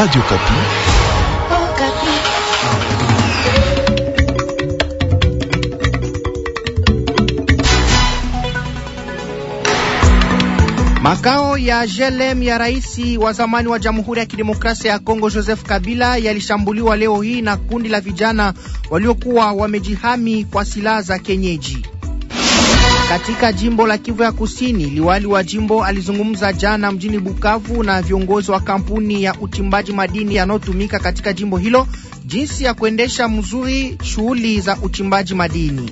Radio Kapi. Oh, Kapi. Makao ya JLM ya rais wa zamani wa Jamhuri ya Kidemokrasia ya Kongo Joseph Kabila yalishambuliwa leo hii na kundi la vijana waliokuwa wamejihami kwa silaha za kienyeji. Katika jimbo la Kivu ya Kusini, liwali wa jimbo alizungumza jana mjini Bukavu na viongozi wa kampuni ya uchimbaji madini yanayotumika katika jimbo hilo jinsi ya kuendesha mzuri shughuli za uchimbaji madini.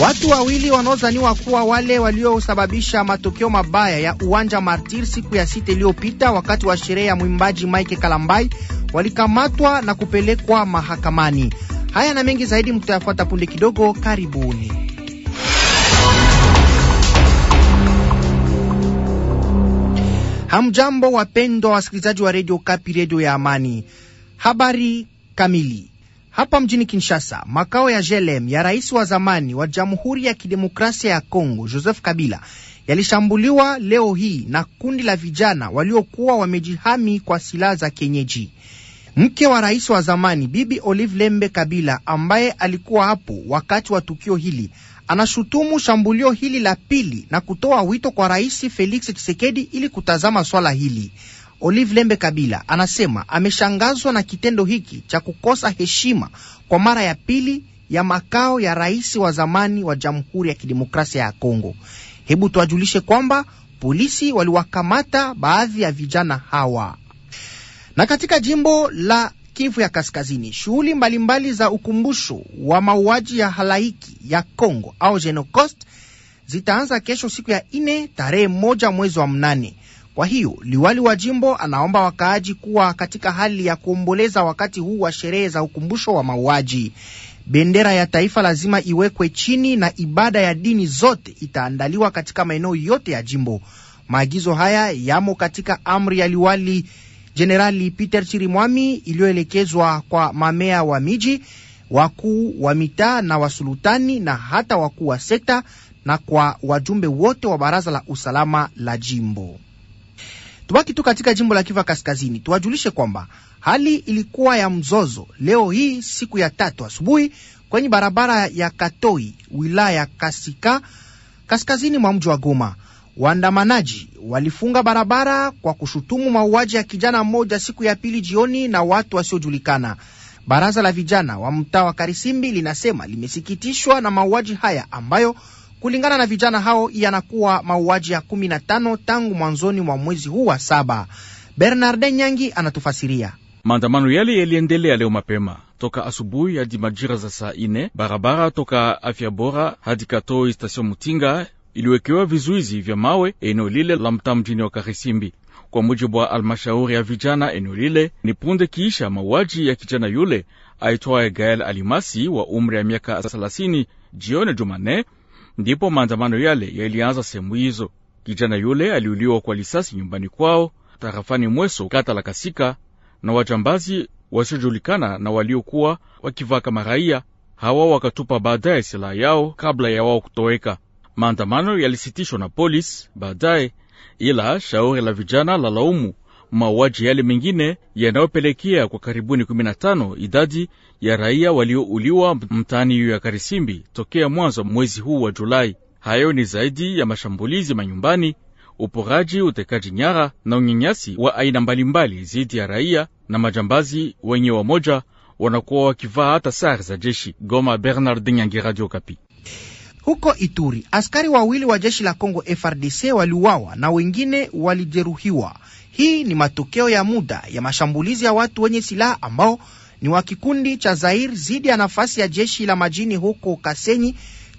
Watu wawili wanaozaniwa kuwa wale waliosababisha matokeo mabaya ya uwanja Martir siku ya sita iliyopita wakati wa sherehe ya mwimbaji Mike Kalambai walikamatwa na kupelekwa mahakamani. Haya na mengi zaidi mtayafuata punde kidogo. Karibuni. Hamjambo wapendwa wasikilizaji wa redio Kapi, redio ya Amani. Habari kamili hapa mjini Kinshasa, makao ya JLM ya rais wa zamani wa Jamhuri ya Kidemokrasia ya Kongo Joseph Kabila yalishambuliwa leo hii na kundi la vijana waliokuwa wamejihami kwa silaha za kienyeji. Mke wa rais wa zamani Bibi Olive Lembe Kabila ambaye alikuwa hapo wakati wa tukio hili anashutumu shambulio hili la pili na kutoa wito kwa Rais Felix Tshisekedi ili kutazama swala hili. Olive Lembe Kabila anasema ameshangazwa na kitendo hiki cha kukosa heshima kwa mara ya pili ya makao ya rais wa zamani wa Jamhuri ya Kidemokrasia ya Kongo. Hebu tuwajulishe kwamba polisi waliwakamata baadhi ya vijana hawa. Na katika jimbo la Kivu ya Kaskazini, shughuli mbalimbali za ukumbusho wa mauaji ya halaiki ya congo au Genocost zitaanza kesho siku ya ine tarehe moja mwezi wa mnane. Kwa hiyo liwali wa jimbo anaomba wakaaji kuwa katika hali ya kuomboleza wakati huu wa sherehe za ukumbusho wa mauaji. Bendera ya taifa lazima iwekwe chini na ibada ya dini zote itaandaliwa katika maeneo yote ya jimbo. Maagizo haya yamo katika amri ya liwali Jenerali Peter Chirimwami iliyoelekezwa kwa mamea wa miji, wakuu wa mitaa na wasulutani na hata wakuu wa sekta na kwa wajumbe wote wa baraza la usalama la jimbo. Tubaki tu katika jimbo la Kiva Kaskazini, tuwajulishe kwamba hali ilikuwa ya mzozo leo hii siku ya tatu asubuhi kwenye barabara ya Katoi wilaya ya Kasika kaskazini mwa mji wa Goma. Waandamanaji walifunga barabara kwa kushutumu mauaji ya kijana mmoja siku ya pili jioni na watu wasiojulikana. Baraza la vijana wa mtaa wa Karisimbi linasema limesikitishwa na mauaji haya ambayo kulingana na vijana hao yanakuwa mauaji ya 15 tangu mwanzoni mwa mwezi huu wa saba. Bernarde Nyangi anatufasiria. Maandamano yale yaliendelea leo mapema toka asubuhi hadi majira za saa ine. Barabara toka afya bora hadi Katoi station Mutinga iliwekewa vizuizi vya mawe eneo lile la mtaa mjini wa Karisimbi. Kwa mujibu wa almashauri ya vijana eneo lile, ni punde kiisha mauaji ya kijana yule aitwaye Gael Alimasi wa umri ya miaka 30 jioni Jumanne, ndipo maandamano yale yalianza sehemu hizo. Kijana yule aliuliwa kwa lisasi nyumbani kwao tarafani Mweso, kata la Kasika, na wajambazi wasiojulikana na waliokuwa wakivaa kama raia. Hawa wakatupa baadaye silaha yao kabla ya wao kutoweka. Maandamano yalisitishwa na polisi baadaye, ila shauri la vijana la laumu mauaji yale mengine yanayopelekea kwa karibuni 15 idadi ya raia waliouliwa mtaani hiyo ya Karisimbi tokea mwanzo mwezi huu wa Julai. Hayo ni zaidi ya mashambulizi manyumbani, uporaji, utekaji nyara na unyanyasi wa aina mbalimbali dhidi ya raia na majambazi wenye wamoja wanakuwa wakivaa hata sare za jeshi. Goma, Bernard Yangi, Radio Kapi. Huko Ituri, askari wawili wa jeshi la Kongo FRDC waliuawa na wengine walijeruhiwa. Hii ni matokeo ya muda ya mashambulizi ya watu wenye silaha ambao ni wa kikundi cha Zair dhidi ya nafasi ya jeshi la majini huko Kasenyi,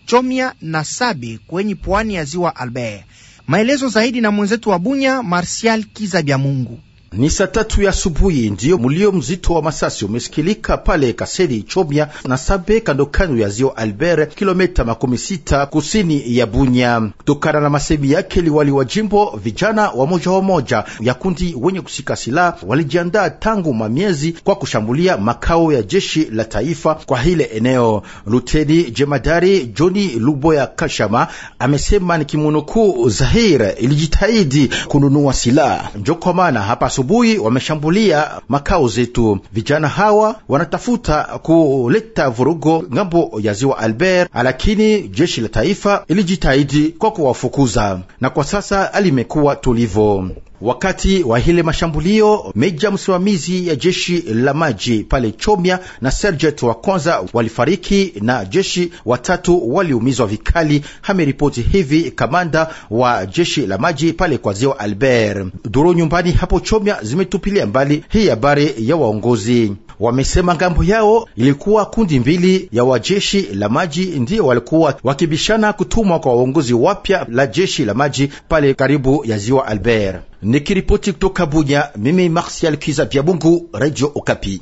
Chomia na Sabi kwenye pwani ya ziwa Albert. Maelezo zaidi na mwenzetu wa Bunya, Marsial Kiza Bya Mungu. Ni saa tatu ya asubuhi ndiyo mulio mzito wa masasi umesikilika pale Kaseri Chomya na Sabe, kandokano ya zio Albert, kilometa makumi sita kusini ya Bunya. Kutokana na masemi yake liwali wa jimbo, vijana wa moja wa moja ya kundi wenye kusika silaha walijiandaa tangu mamiezi kwa kushambulia makao ya jeshi la taifa kwa hile eneo. Luteni jemadari Johni Luboya Kashama amesema ni kimunukuu, Zahir ilijitahidi kununua silaha njokomana hapa asubuhi wameshambulia makao zetu. Vijana hawa wanatafuta kuleta vurugo ngambo ya ziwa Albert, lakini jeshi la taifa ilijitahidi kwa kuwafukuza, na kwa sasa alimekuwa tulivo. Wakati wa hile mashambulio, meja msimamizi ya jeshi la maji pale Chomya na serjet wa kwanza walifariki na jeshi watatu waliumizwa vikali, ameripoti hivi kamanda wa jeshi la maji pale kwa ziwa Albert. Duru nyumbani hapo chomia zimetupilia mbali hii habari ya waongozi, wamesema ngambo yao ilikuwa kundi mbili ya wajeshi la maji ndiyo walikuwa wakibishana kutumwa kwa waongozi wapya la jeshi la maji pale karibu ya ziwa Albert. Nikiripoti kutoka Bunya, mimi Martial Kizapia Bungu, Radio Okapi.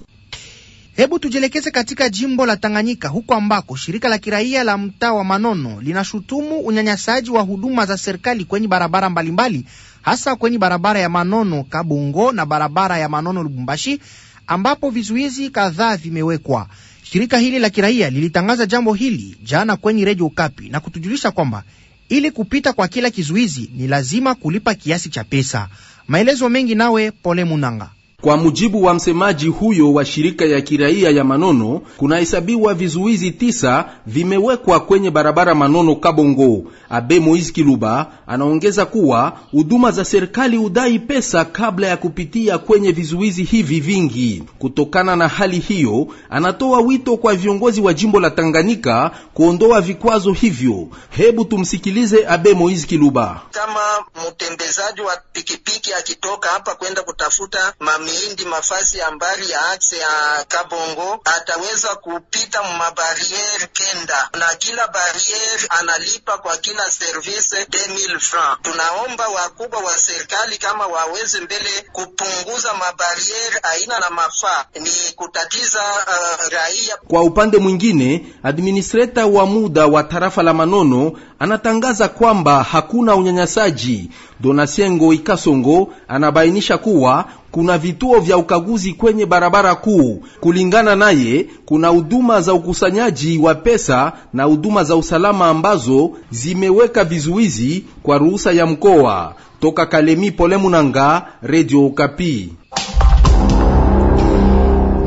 Hebu tujielekeze katika jimbo la Tanganyika, huko ambako shirika la kiraia la mtaa wa Manono linashutumu unyanyasaji wa huduma za serikali kwenye barabara mbalimbali, hasa kwenye barabara ya Manono Kabungo na barabara ya Manono Lubumbashi, ambapo vizuizi kadhaa vimewekwa. Shirika hili la kiraia lilitangaza jambo hili jana kwenye redio Ukapi na kutujulisha kwamba ili kupita kwa kila kizuizi ni lazima kulipa kiasi cha pesa. Maelezo mengi nawe Pole Munanga. Kwa mujibu wa msemaji huyo wa shirika ya kiraia ya Manono, kunahesabiwa vizuizi tisa vimewekwa kwenye barabara Manono Kabongo. Abe Moise Kiluba anaongeza kuwa huduma za serikali hudai pesa kabla ya kupitia kwenye vizuizi hivi vingi. Kutokana na hali hiyo, anatoa wito kwa viongozi wa jimbo la Tanganyika kuondoa vikwazo hivyo. Hebu tumsikilize Abe Moise Kiluba. Kama mtembezaji wa pikipiki akitoka hapa kwenda kutafuta mami mingi mafasi ya mbali ya axe ya Kabongo ataweza kupita mumabariere kenda na kila bariere analipa kwa kila service 2000 francs. Tunaomba wakubwa wa serikali kama waweze mbele kupunguza mabariere aina na mafaa ni kutatiza uh, raia. Kwa upande mwingine, administrator wa muda wa tarafa la Manono anatangaza kwamba hakuna unyanyasaji. Donasengo Ikasongo anabainisha kuwa kuna vituo vya ukaguzi kwenye barabara kuu. Kulingana naye, kuna huduma za ukusanyaji wa pesa na huduma za usalama ambazo zimeweka vizuizi kwa ruhusa ya mkoa. Toka Kalemi, Pole Munanga, Radio Okapi.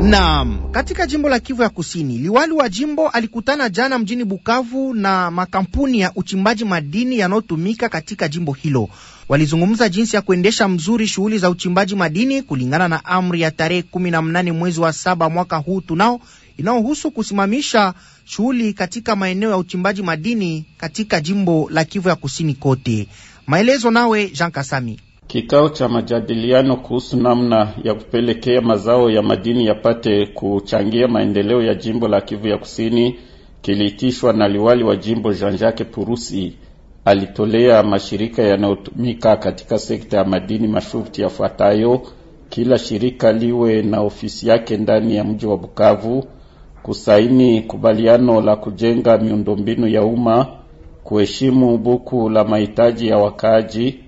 Naam, katika jimbo la Kivu ya Kusini, liwali wa jimbo alikutana jana mjini Bukavu na makampuni ya uchimbaji madini yanayotumika katika jimbo hilo. Walizungumza jinsi ya kuendesha mzuri shughuli za uchimbaji madini kulingana na amri ya tarehe kumi na mnane mwezi wa saba mwaka huu tunao inayohusu kusimamisha shughuli katika maeneo ya uchimbaji madini katika jimbo la Kivu ya Kusini kote. Maelezo nawe Jean Kasami. Kikao cha majadiliano kuhusu namna ya kupelekea mazao ya madini yapate kuchangia maendeleo ya jimbo la Kivu ya Kusini kiliitishwa na liwali wa jimbo Jean-Jacques Purusi. Alitolea mashirika yanayotumika katika sekta ya madini masharti yafuatayo: kila shirika liwe na ofisi yake ndani ya mji wa Bukavu, kusaini kubaliano la kujenga miundombinu ya umma, kuheshimu buku la mahitaji ya wakaaji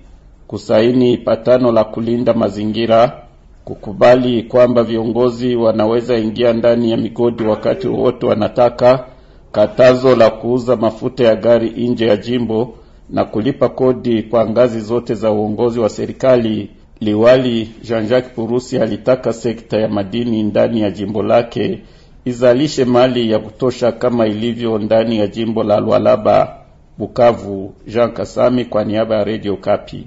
kusaini patano la kulinda mazingira, kukubali kwamba viongozi wanaweza ingia ndani ya migodi wakati wowote wanataka, katazo la kuuza mafuta ya gari nje ya jimbo na kulipa kodi kwa ngazi zote za uongozi wa serikali. Liwali Jean-Jacques Purusi alitaka sekta ya madini ndani ya jimbo lake izalishe mali ya kutosha kama ilivyo ndani ya jimbo la Lualaba. Bukavu, Jean Kasami kwa niaba ya Radio Kapi.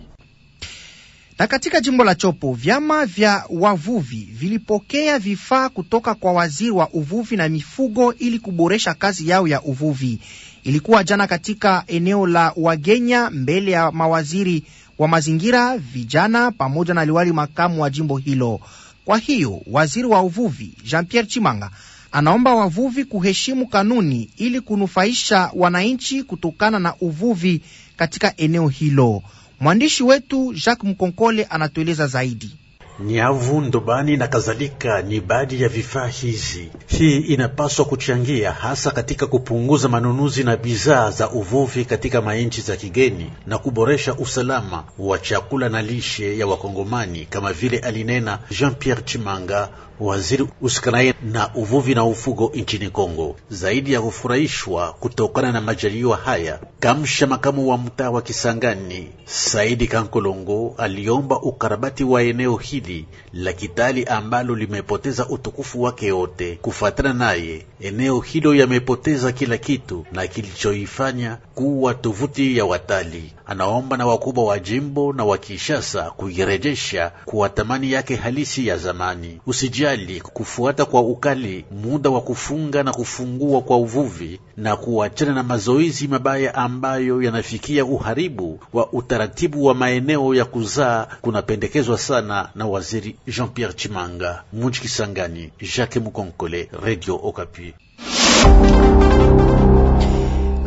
Na katika jimbo la Chopo vyama vya wavuvi vilipokea vifaa kutoka kwa waziri wa uvuvi na mifugo ili kuboresha kazi yao ya uvuvi. Ilikuwa jana katika eneo la Wagenya mbele ya mawaziri wa mazingira, vijana pamoja na liwali makamu wa jimbo hilo. Kwa hiyo waziri wa uvuvi Jean Pierre Chimanga anaomba wavuvi kuheshimu kanuni ili kunufaisha wananchi kutokana na uvuvi katika eneo hilo. Mwandishi wetu Jacques Mkonkole anatueleza zaidi nyavu, ndobani na kadhalika ni baadhi ya vifaa hizi. Hii inapaswa kuchangia hasa katika kupunguza manunuzi na bidhaa za uvuvi katika mainchi za kigeni na kuboresha usalama wa chakula na lishe ya Wakongomani, kama vile alinena Jean Pierre Chimanga, waziri usikanaye na uvuvi na ufugo nchini Kongo. Zaidi ya kufurahishwa kutokana na majaliwa haya, kamsha makamu wa mtaa wa Kisangani Saidi Kankolongo aliomba ukarabati wa eneo hili zaidi la Kitali ambalo limepoteza utukufu wake wote. Kufuatana naye, eneo hilo yamepoteza kila kitu na kilichoifanya kuwa tovuti ya watalii anaomba na wakubwa wa jimbo na wa Kinshasa kuirejesha kuwa thamani yake halisi ya zamani. Usijali kufuata kwa ukali muda wa kufunga na kufungua kwa uvuvi na kuachana na mazoezi mabaya ambayo yanafikia uharibu wa utaratibu wa maeneo ya kuzaa kunapendekezwa sana na Waziri Jean-Pierre Chimanga. Muji Kisangani, Jacques Mukonkole, Radio Okapi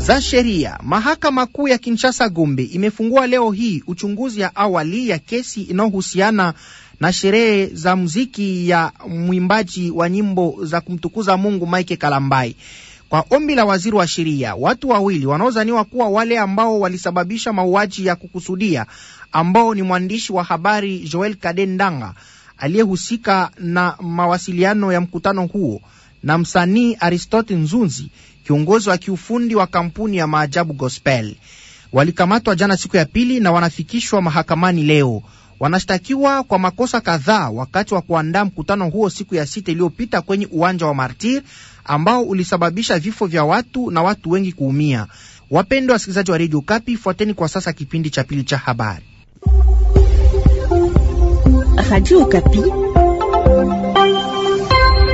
za sheria, mahakama kuu ya Kinshasa Gombe imefungua leo hii uchunguzi ya awali ya kesi inayohusiana na sherehe za muziki ya mwimbaji wa nyimbo za kumtukuza Mungu Mike Kalambai. Kwa ombi la waziri wa sheria, watu wawili wanaodhaniwa kuwa wale ambao walisababisha mauaji ya kukusudia ambao ni mwandishi wa habari Joel Kadendanga aliyehusika na mawasiliano ya mkutano huo na msanii Aristote Nzunzi kiongozi wa kiufundi wa kampuni ya Maajabu Gospel. Walikamatwa jana siku ya pili na wanafikishwa mahakamani leo. Wanashtakiwa kwa makosa kadhaa wakati wa kuandaa mkutano huo siku ya sita iliyopita kwenye uwanja wa Martir ambao ulisababisha vifo vya watu na watu wengi kuumia. Wapendwa wasikilizaji wa redio Kapi, fuateni kwa sasa kipindi cha pili cha habari. Radio Kapi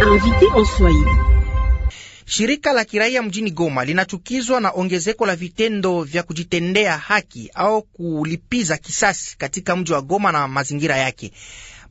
invité en Swahili Shirika la kiraia mjini Goma linachukizwa na ongezeko la vitendo vya kujitendea haki au kulipiza kisasi katika mji wa Goma na mazingira yake.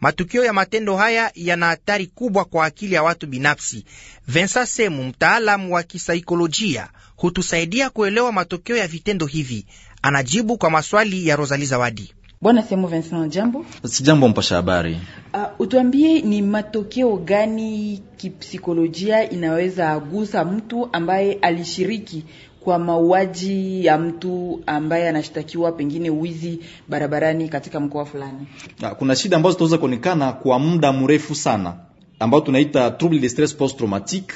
Matukio ya matendo haya yana hatari kubwa kwa akili ya watu binafsi. vensa Semu, mtaalamu wa kisaikolojia, hutusaidia kuelewa matokeo ya vitendo hivi. Anajibu kwa maswali ya rosali Zawadi. Bwana Semo Vincent, jambo. si jambo mpasha habari. Uh, utuambie ni matokeo gani kipsikolojia inaweza agusa mtu ambaye alishiriki kwa mauaji ya mtu ambaye anashtakiwa pengine wizi barabarani katika mkoa fulani? Ah, kuna shida ambazo zinaweza kuonekana kwa muda mrefu sana ambao tunaita trouble de stress post traumatique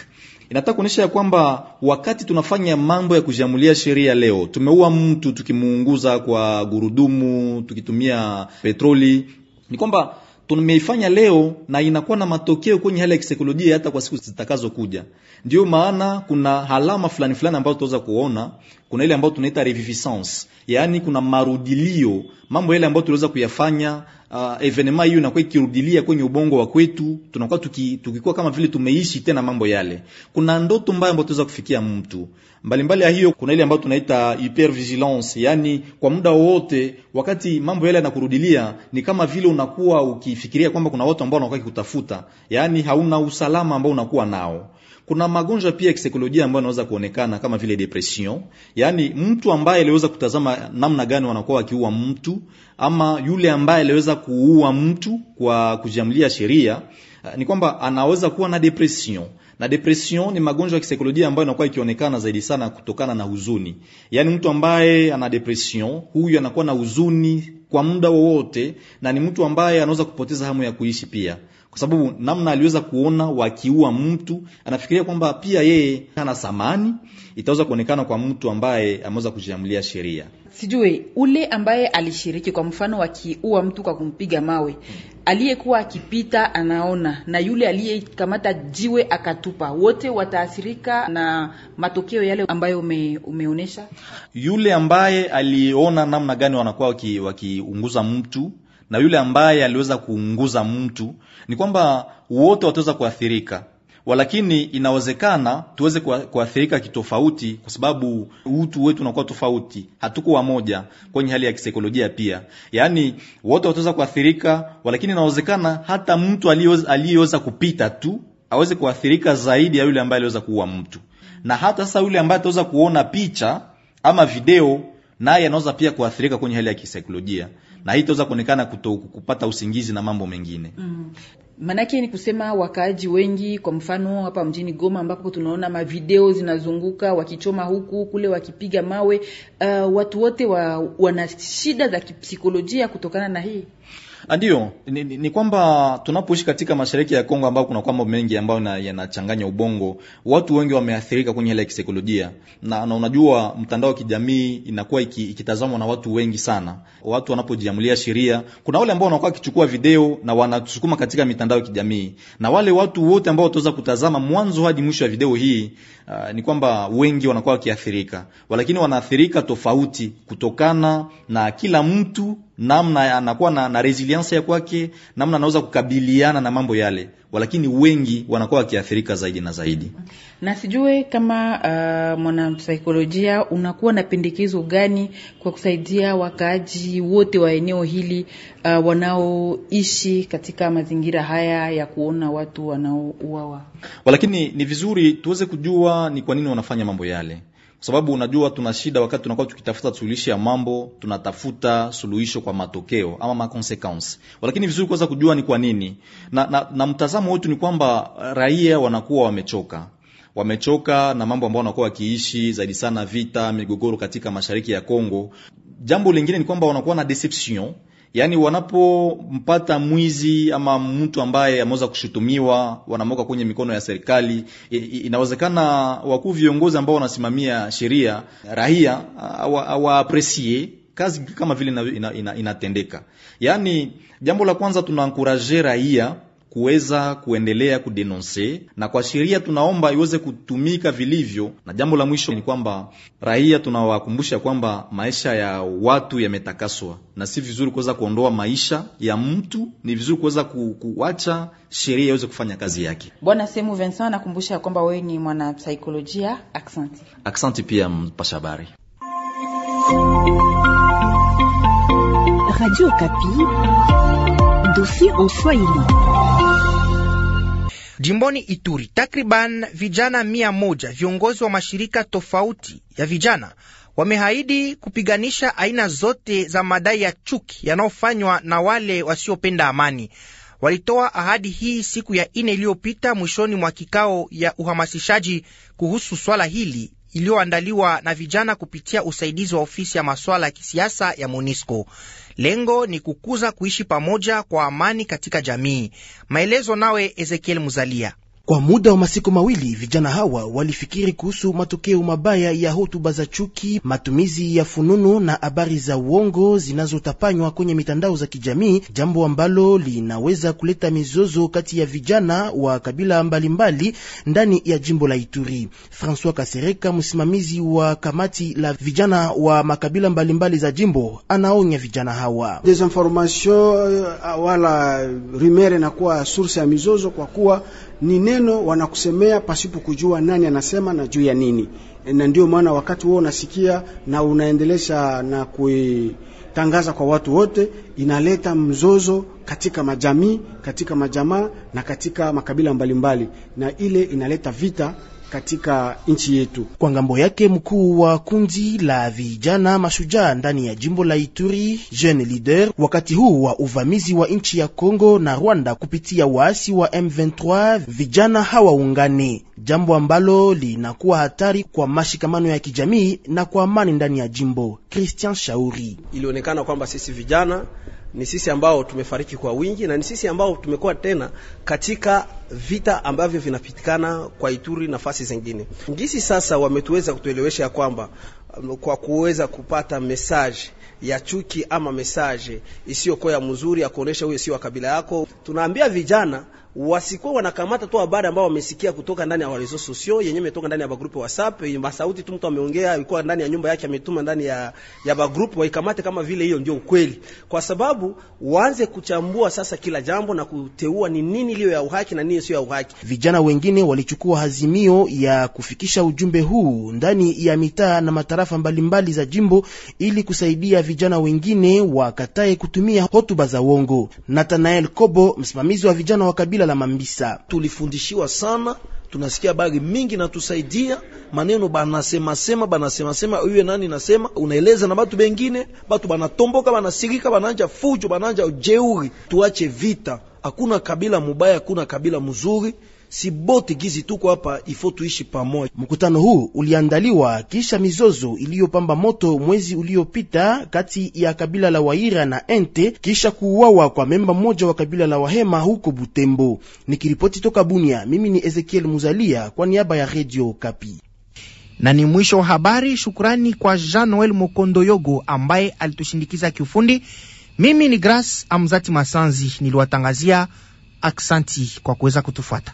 inataka kuonyesha ya kwamba wakati tunafanya mambo ya kujamulia sheria leo, tumeua mtu tukimuunguza kwa gurudumu, tukitumia petroli, ni kwamba tumeifanya leo na inakuwa na matokeo kwenye hali ya kisaikolojia hata kwa siku zitakazokuja. Ndio maana kuna alama fulani fulani ambazo tunaweza kuona, kuna ile ambayo tunaita reviviscence, yaani kuna marudilio, mambo yale ambayo tuliweza kuyafanya uh, ah, evenema hiyo inakuwa ikirudilia kwenye ubongo wa kwetu, tunakuwa tuki, tukikuwa kama vile tumeishi tena mambo yale. Kuna ndoto mbaya ambayo tunaweza kufikia mtu mbalimbali ya hiyo. Kuna ile ambayo tunaita hypervigilance, yani kwa muda wote, wakati mambo yale yanakurudilia, ni kama vile unakuwa ukifikiria kwamba kuna watu ambao wanakuwa kikutafuta, yani hauna usalama ambao unakuwa nao kuna magonjwa pia ya kisaikolojia ambayo yanaweza kuonekana kama vile depression, yaani mtu ambaye aliweza kutazama namna gani wanakuwa wakiua mtu ama yule ambaye aliweza kuua mtu kwa kujamlia sheria, eh, ni kwamba anaweza kuwa na depression na depression ni magonjwa ya kisaikolojia ambayo inakuwa ikionekana zaidi sana kutokana na huzuni. Yaani mtu ambaye ana depression, huyu anakuwa na huzuni kwa muda wowote, na ni mtu ambaye anaweza kupoteza hamu ya kuishi pia kwa sababu namna aliweza kuona wakiua mtu, anafikiria kwamba pia yeye hana thamani, itaweza kuonekana kwa mtu ambaye ameweza kujiamulia sheria. Sijui ule ambaye alishiriki, kwa mfano, wakiua mtu kwa kumpiga mawe, aliyekuwa akipita anaona na yule aliyekamata jiwe akatupa, wote wataathirika na matokeo yale ambayo ume, umeonyesha. Yule ambaye aliona namna gani wanakuwa wakiunguza waki mtu na yule ambaye aliweza kuunguza mtu, ni kwamba wote wataweza kuathirika walakini inawezekana tuweze kuathirika kitofauti, kwa sababu utu wetu unakuwa tofauti, hatuko wamoja kwenye hali ya kisaikolojia pia. Yaani wote wataweza kuathirika, walakini inawezekana hata mtu aliyeweza kupita tu aweze kuathirika zaidi ya yule ambaye aliweza kuua mtu, na hata sasa yule ambaye ataweza kuona picha ama video, naye anaweza pia kuathirika kwenye hali ya kisaikolojia na hii itaweza kuonekana kupata usingizi na mambo mengine mm. Maanake ni kusema wakaaji wengi, kwa mfano hapa mjini Goma ambapo tunaona mavideo zinazunguka wakichoma huku kule, wakipiga mawe uh, watu wote wa, wana shida za kipsikolojia kutokana na hii Ah, ndio, ni, ni, ni kwamba tunapoishi katika mashariki ya Kongo ambao kuna kwamba mengi ambayo yanachanganya ubongo, watu wengi wameathirika kwenye ile kisaikolojia na, na unajua mtandao wa kijamii inakuwa iki, ikitazamwa na watu wengi sana. Watu wanapojiamulia sheria, kuna wale ambao wanakuwa wakichukua video na wanatusukuma katika mitandao ya kijamii, na wale watu wote ambao wataweza kutazama mwanzo hadi mwisho wa video hii uh, ni kwamba wengi wanakuwa wakiathirika, lakini wanaathirika tofauti kutokana na kila mtu namna anakuwa na, na resilience ya kwake, namna anaweza kukabiliana na mambo yale, walakini wengi wanakuwa wakiathirika zaidi na zaidi. Na sijue kama uh, mwanasaikolojia unakuwa na pendekezo gani kwa kusaidia wakaaji wote wa eneo hili uh, wanaoishi katika mazingira haya ya kuona watu wanaouawa? Walakini ni vizuri tuweze kujua ni kwa nini wanafanya mambo yale sababu unajua tuna shida wakati tunakuwa tukitafuta suluhisho ya mambo, tunatafuta suluhisho kwa matokeo ama ma consequence, lakini vizuri kwanza kujua ni kwa nini na, na, na mtazamo wetu ni kwamba eh, raia wanakuwa wamechoka wamechoka na mambo ambayo wanakuwa wakiishi zaidi sana vita, migogoro katika mashariki ya Kongo. Jambo lingine ni kwamba wanakuwa na deception yani wanapompata mwizi ama mtu ambaye ameweza kushutumiwa, wanamoka kwenye mikono ya serikali. Inawezekana wakuu viongozi ambao wanasimamia sheria, raia hawaapresie kazi kama vile inatendeka. Yani jambo la kwanza tunaankuraje raia kuweza kuendelea kudenonse na kwa sheria tunaomba iweze kutumika vilivyo. Na jambo la mwisho ni kwamba raia tunawakumbusha kwamba maisha ya watu yametakaswa, na si vizuri kuweza kuondoa maisha ya mtu, ni vizuri kuweza ku, kuacha sheria iweze kufanya kazi yake. Bwana Semu Vincent anakumbusha kwamba wewe ni mwana psikolojia. Aksanti, aksanti pia mpasha habari Radio Kapi, dossier en Swahili. Jimboni Ituri, takriban vijana mia moja viongozi wa mashirika tofauti ya vijana wamehaidi kupiganisha aina zote za madai ya chuki yanayofanywa na wale wasiopenda amani. Walitoa ahadi hii siku ya ine iliyopita mwishoni mwa kikao ya uhamasishaji kuhusu swala hili iliyoandaliwa na vijana kupitia usaidizi wa ofisi ya masuala ya kisiasa ya MONUSCO. Lengo ni kukuza kuishi pamoja kwa amani katika jamii. Maelezo nawe Ezekiel Muzalia. Kwa muda wa masiku mawili vijana hawa walifikiri kuhusu matokeo mabaya ya hotuba za chuki, matumizi ya fununu na habari za uongo zinazotapanywa kwenye mitandao za kijamii, jambo ambalo linaweza kuleta mizozo kati ya vijana wa kabila mbalimbali mbali ndani ya jimbo la Ituri. Francois Kasereka, msimamizi wa kamati la vijana wa makabila mbalimbali mbali za jimbo, anaonya vijana hawa desinformation euh, wala rumere inakuwa source ya mizozo kwa kuwa ni neno wanakusemea pasipo kujua nani anasema na juu ya nini, na ndio maana wakati wewe unasikia na unaendelesha na kuitangaza kwa watu wote, inaleta mzozo katika majamii, katika majamaa na katika makabila mbalimbali mbali. Na ile inaleta vita katika nchi yetu. Kwa ngambo yake, mkuu wa kundi la vijana mashujaa ndani ya jimbo la Ituri, Jeune Leader, wakati huu wa uvamizi wa nchi ya Kongo na Rwanda kupitia waasi wa M23, vijana hawaungani, jambo ambalo linakuwa hatari kwa mashikamano ya kijamii na kwa amani ndani ya jimbo. Christian Shauri: ilionekana kwamba sisi vijana ni sisi ambao tumefariki kwa wingi na ni sisi ambao tumekuwa tena katika vita ambavyo vinapitikana kwa Ituri nafasi zingine. Ngisi sasa wametuweza kutuelewesha ya kwamba um, kwa kuweza kupata mesaje ya chuki ama mesaje isiyokuwa ya mzuri ya kuonesha huyo sio wa kabila yako, tunaambia vijana wasikuwa wanakamata tu habari ambao wamesikia kutoka ndani ya reseaux sosio yenyewe imetoka ndani ya bagrupu ya WhatsApp, sauti tu mtu ameongea, ilikuwa ndani ya nyumba yake, ametuma ndani ya ya bagrupu, waikamate kama vile hiyo ndio ukweli, kwa sababu waanze kuchambua sasa kila jambo na kuteua ni nini iliyo ya uhaki na nini sio ya uhaki. Vijana wengine walichukua azimio ya kufikisha ujumbe huu ndani ya mitaa na matarafa mbalimbali mbali za jimbo ili kusaidia vijana wengine wakatae kutumia hotuba za uongo. Nathanael Kobo, msimamizi wa vijana wa kabila kabila la Mambisa. Tulifundishiwa sana, tunasikia habari mingi na tusaidia maneno banasema sema banasema sema, uye nani nasema, unaeleza na batu bengine, batu banatomboka, banasirika, bananja fujo, bananja ujeuri. Tuache vita, hakuna kabila mubaya, hakuna kabila mzuri si bote gizi tuko hapa, ifo tuishi pamoja. Mkutano huu uliandaliwa kisha mizozo iliyopamba moto mwezi uliopita kati ya kabila la Waira na Ente kisha kuuawa kwa memba mmoja wa kabila la Wahema huko Butembo. Nikiripoti toka Bunia, mimi ni Ezekiel Muzalia kwa niaba ya redio Kapi na ni mwisho wa habari. Shukrani kwa Jean Noel Mokondoyogo ambaye alitushindikiza kiufundi. Mimi ni Grace Amzati Masanzi niliwatangazia. Aksanti kwa kuweza kutufuata.